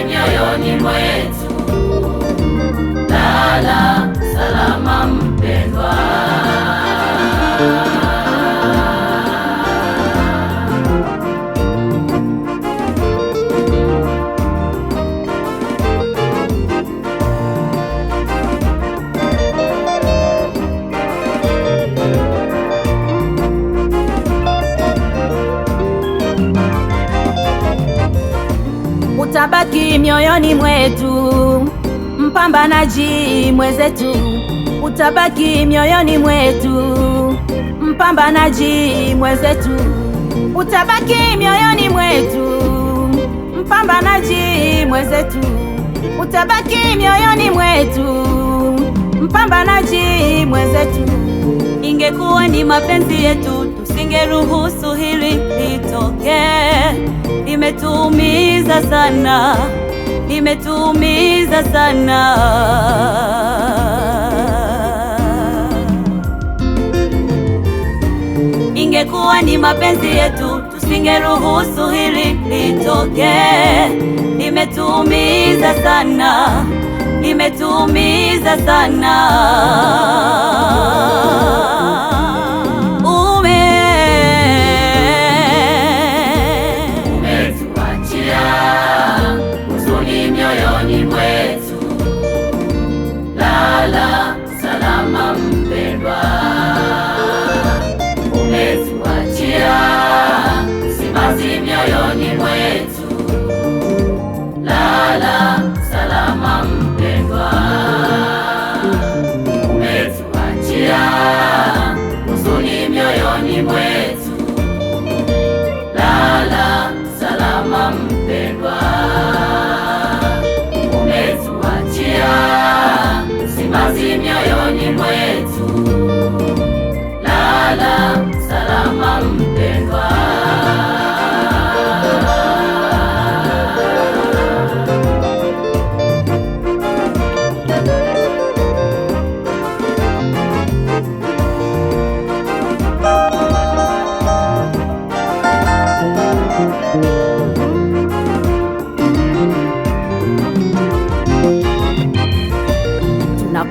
amani mioyoni mwetu. Lala salama mpendwa. mioyoni mwetu, mpambanaji mwenzetu, utabaki mioyoni mwetu, mpambanaji mwenzetu, utabaki mioyoni mwetu, mpambanaji mwenzetu, utabaki mioyoni mwetu, mpambanaji mwenzetu ingekuwa ni mapenzi yetu, tusingeruhusu hili litoke. Limetuumiza sana, limetuumiza sana. Ingekuwa ni mapenzi yetu, tusingeruhusu hili litoke. imetumiza sana, imetumiza sana.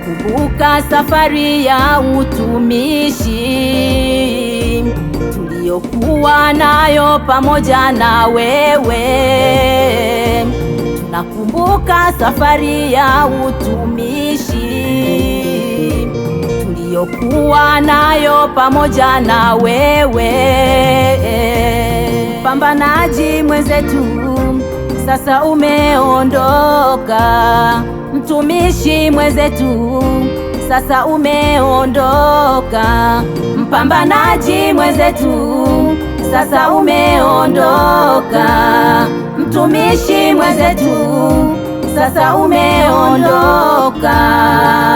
Kumbuka safari ya utumishi tuliyokuwa nayo pamoja na wewe. Tunakumbuka safari ya utumishi tuliyokuwa nayo pamoja na wewe, pambanaji mwenzetu, sasa umeondoka mtumishi mwenzetu sasa umeondoka, mpambanaji mwenzetu sasa umeondoka, mtumishi mwenzetu sasa umeondoka.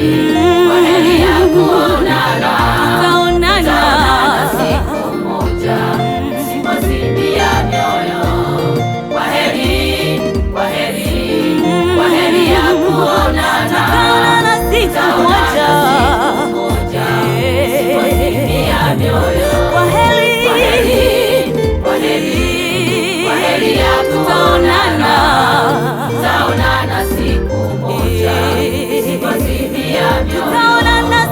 Mm-hmm.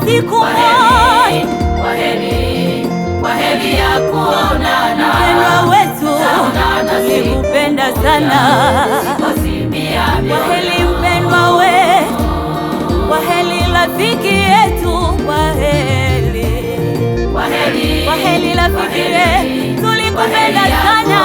siku hai. Waheri, waheri ya kuonana, mpendwa wetu, nilikupenda sana. Waheri mpendwa we, waheri rafiki yetu, waheri, waheri rafiki yetu, tulikupenda sana.